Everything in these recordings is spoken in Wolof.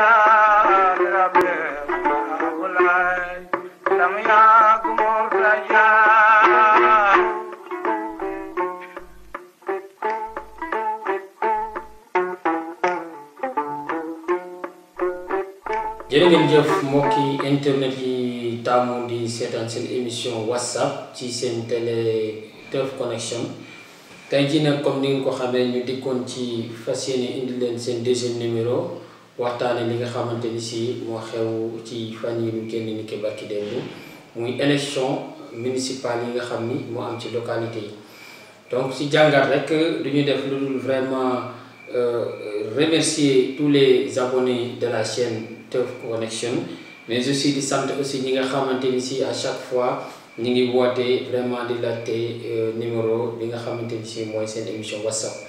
jërë ngeen jëf mbokki internet yi taamu di seetaan seen émission whatsapp ci seen télé Teuf Connection tey jii comme ni nga ko xamee ñu dikkoon ci fas yéene indi leen seen deuxième numéro waxtaane li nga xamante ni si moo xew ci fan yi ñu génn ni ke barki démb muy élection municipale yi nga xam ni moo am ci localité yi donc si jàngat rek du ñu def lu dul vraiment euh, remercier tous les abonnés de la chaîne Teuf Connection mais aussi di sant aussi ñi nga xamante ni si à chaque fois ñu ngi woote vraiment di laajte euh, numéro bi nga xamante ni si mooy seen émission WhatsApp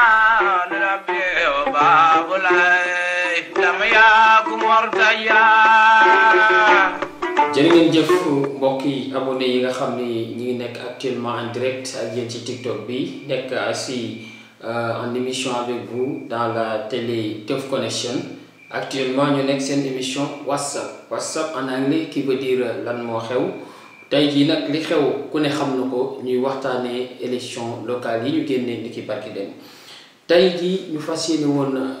jërë ngeen jëf mbokk yi abonné yi nga xam ni ngi nekk actuellement en direct ak yéen ci TikTok bi nekk si euh, en émission avec vous dans la télé Teuf Connection actuellement ñu nekk seen émission WhatsApp WhatsApp en anglais qui veut dire lan moo xew tey jii nag li xew ku ne xam na ko ñuy waxtaanee élection locale yi ñu génnee ni barki dem tey jii ñu fas yéene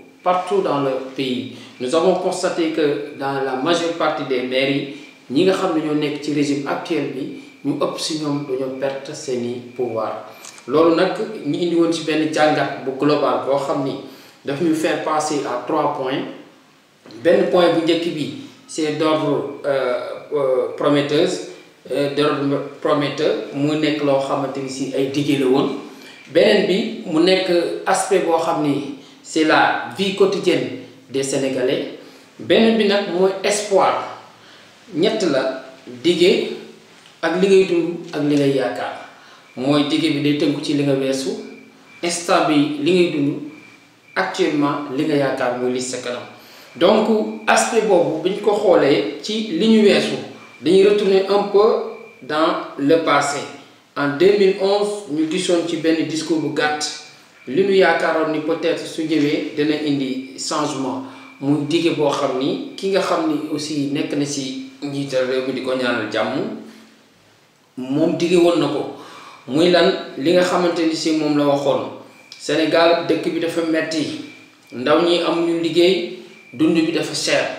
partout dans le pays nous avons constaté que dans la majeure partie des mairies ñi nga xam ne ñoo nekk ci régime actuel bi ñu ëpp si ñoom dañoo perte seeni pouvoir loolu nag ñu indi woon ci benn jàngat bu global boo xam ni daf ñu faire passer à trois points Ben point bu njëkk bi c'est d'ordre euh, euh, prometteuse euh, d'ordre prometteur mu nekk loo xamante ni si ay dige la woon bi mu nekk aspect boo xam c'est la vie quotidienne des Sénégalais beneen bi nak moy espoir ñett la dige ak li ngay dund ak li ngay yaakaar Moy dige bi day teunk ci li nga wessu, instant bi li ngay dund actuellement li nga yaakaar moy li sa kanam donc aspect bobu biñ ko xolé ci li ñu weesu dañuy retourner un peu dans le passé en 2011 ñu gisoon ci ben discours bu gatt li ñu yaakaaroon ni peut-être su ñëwee dana indi changement mu dige boo xam ni ki nga xam ni aussi nekk na si njiital réew mi di ko ñaanal jàmm moom dige woon na ko muy lan li nga xamante ni si moom la waxoon Sénégal dëkk bi dafa metti ndaw ñi amuñu liggéey dund bi dafa cher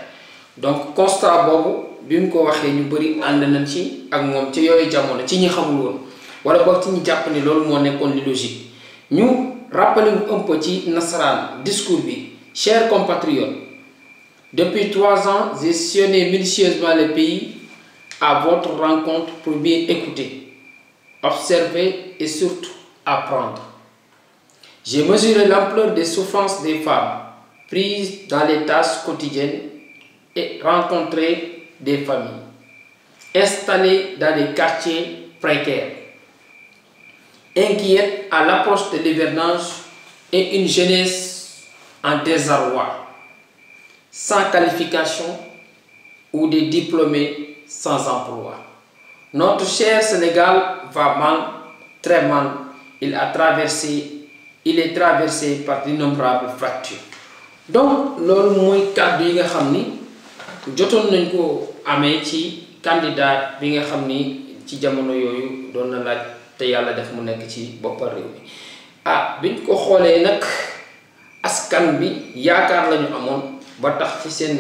donc constat boobu bi mu ko waxee ñu bëri ànd nañ ci ak moom ci yooyu jamono ci ñi xamul woon wala boog ci ñi jàpp ni loolu moo nekkoon li logique ñu rappelez un petit ci discours chers compatriotes depuis trois ans j'ai sillonné minutieusement le pays à votre rencontre pour bien écouter observer et surtout apprendre j'ai mesuré l'ampleur des souffrances des femmes prises dans les tâches quotidiennes et rencontré des familles installées dans des quartiers précaires inquiète à l'approche de l'hivernage et une jeunesse en désarroi, sans qualification ou des diplômés sans emploi. Notre cher Sénégal va mal, très mal. Il est traversé par d'innombrables fractures. donc le mooy kàddu yi nga Khamni, ni jotoon candidat bi nga xam ni ci te yàlla def mu nekk ci boppal réew mi ah biñ ko xoolee nag askan bi yaakaar lañu amoon ba tax ci seen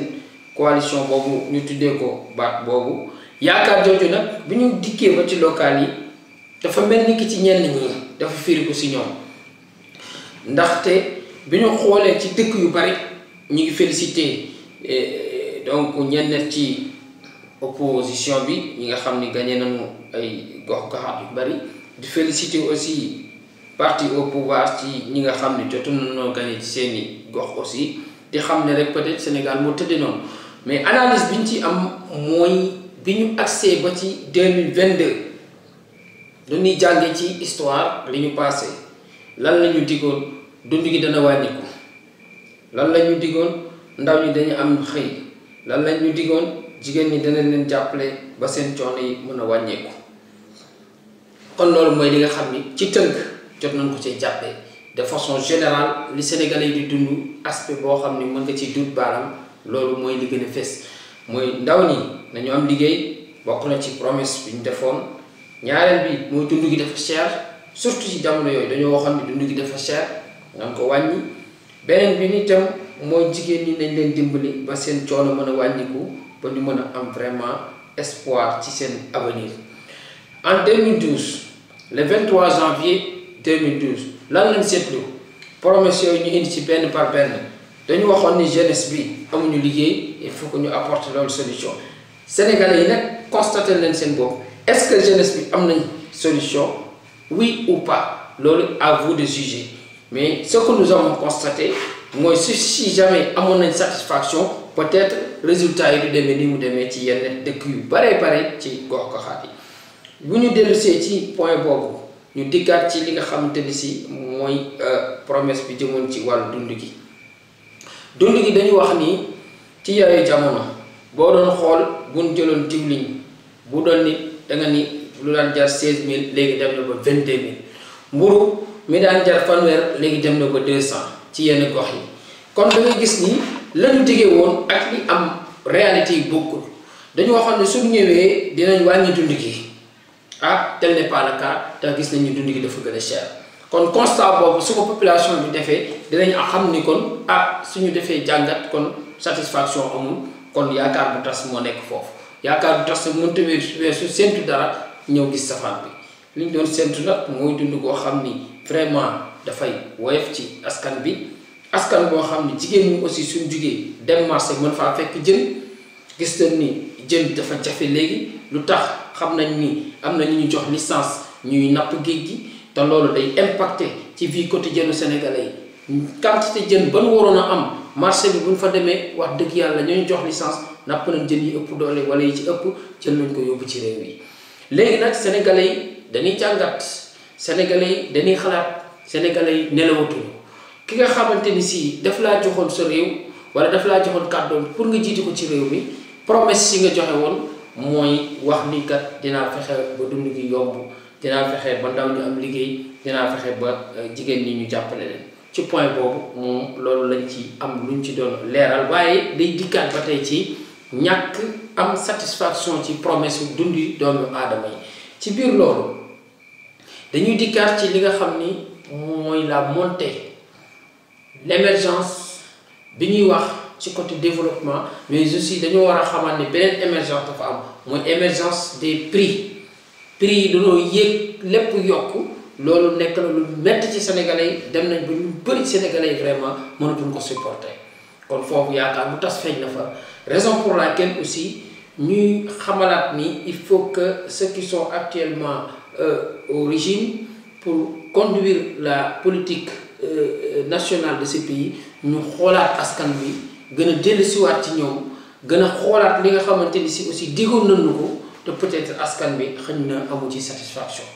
coalition boobu ñu tuddee ko baat boobu yaakaar jooju nag bi ñu dikkee ba ci local yi dafa mel ni ki ci ñenn ñi dafa firiku si ñoom ndaxte bi ñu xoolee ci dëkk yu bari ñu ngi félicité eh, donc ñenn ci opposition bi ñi nga xam ni gagné nañu ay gox goxaat yu bari di félicité aussi parti au pouvoir ci ñi nga xam ne no nañoo gagné ci seen gox aussi di xamné rek peut-être Sénégal moo tëddee non mais analyse biñ ci am moy biñu ñu accès ba ci 2022 mille vingt deux lu ñuy jàngee ci histoire li ñu passé lan lañu ñu diggoon dund gi dana wàññiku lan lañu ñu ndaw ñi dañu am xey lan lañu ñu diggoon jigéen ñi dana leen jàppale ba seen coono yi mën a wàññeeku. kon loolu mooy li nga xam ni ci tënk jot nañ ko ci jàppee de façon général li sénégal yi di dund aspect boo xam ni mën nga ci dut baalam loolu mooy li gën a mooy ndaw ñi nañu am liggéey bokk na ci promesse bi ñu defoon ñaareel bi mooy dund gi dafa cher surtout ci jamono yooyu dañoo waxoon ni dund gi dafa cher nañ ko wàññi beneen bi ni tam mooy jigéen ñi nañ leen dimbali ba seen coono mën a wàññiku ba ñu mën a am vraiment espoir ci seen avenir en le 23 janvier 2012 Là, lañ seetlu promesse indi par ben, nous avons ni jeunesse bi amuñu liée. il faut que nous apportions une solution sénégalais ont constaté est-ce que jeunesse bi am une solution oui ou pas c'est à vous de juger mais ce que nous avons constaté si que si jamais avons une satisfaction peut-être résultat le résultat des métiers de demee pareil, yu bare bare ci bu ñu dellusee ci point boobu ñu dikkaat ci li nga xamante ni si mooy euh, promesse bi jëmoon ci wàllu dund gi dund gi dañu wax nii ci yooyu jamono boo doon xool buñ jëloon diwliñ bu doon ni da nga lu daan jar seize mille léegi dem na ba vingt deux mille mburu mi daan jar fanweer léegi dem na ba deux cent ci yenn gox yi kon da gis ni lañu dige woon ak li am réalité yi bokkul dañu waxoon ne suñ ñëwee dinañ wàññi dund gi ah tel n'est pas le cas da gis nañu dund gi dafa gëna cher kon constat bobu su ko population bi defee dinañ xam ni kon ah suñu defee jangat kon satisfaction amul kon yaakar bu tass mo nek fofu yaakar bu tas tewé wessu sentu dara ñew gis safaan bi liñ doon sentu nak mooy dund go xamni vraiment da fay woyef ci askan bi askan bo xamni ni ñu aussi suñu jugé dem marché mën fa fekk jël gis ni jël dafa jafé légui lutax xam nañ ni am na ñu ñu jox licence ñuy napp géej gi te loolu day impacté ci bii vie quotidienne sénégalais yi quantité jën ba nu waroon a am marché bi bu nu fa demee wax dëgg yàlla ñooñu jox lissance napp nañ jën yi ëpp doole wala yi ci ëpp jël nañ ko yóbbu ci réew yi léegi nag sénégalais yi dañuy jàngat sénégalais yi dañuy xalaat sénégalais yi nelawatuñu ki nga xamante ni sii daf laa joxoon sa réew wala daf laa joxoon kàddoon pour nga jiite ko ci réew mi promesse yi nga joxe woon mooy wax ni kat dinaa fexe ba dund gi yomb dinaa fexe ba ndaw ñu am liggéey dinaa fexe ba euh, jigéen ñi ñu jàppale leen ci point boobu moom loolu lañ ci am luñ ci doon leeral waaye day dikkaat ba tey ci ñàkk am satisfaction ci promesse yu dundi doomu aadama yi ci biir loolu dañuy dikkaat ci li nga xam ni mooy la montée bi ñuy wax ci côté développement mais aussi dañoo war a xamaat ne émergence dafa am moy émergence des prix prix yi no yek lepp yokk lolu nek na lu metti ci sénégalais dem nañ ba ñu sénégalais vraiment vraiment mënatuñ ko supporter kon fofu yaakaar bu tass feñ na fa raison pour laquelle aussi ñuy xamalat ni il faut que ceux qui sont actuellement euh, au régime pour conduire la politique euh, euh, nationale de ce pays ñu xoolaat askan bi gën a dellusiwaat ci ñoom gën a xoolaat li nga xamante ni si aussi diggoon nañu ko te peut-être askan bi xëñ na amu ci satisfaction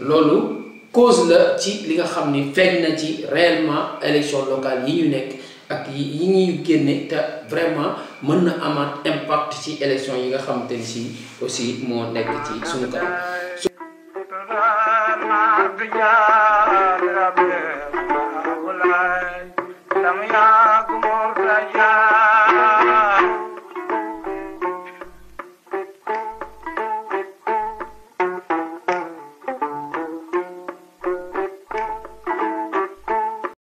loolu cause la ci li nga xam ni feeñ na ci réellement élection locale yi ñu nekk ak yi ñuy génne te vraiment mën na amaat impact ci élection yi nga xamante ni si aussi moo nekk ci suñu kanam. Krishna.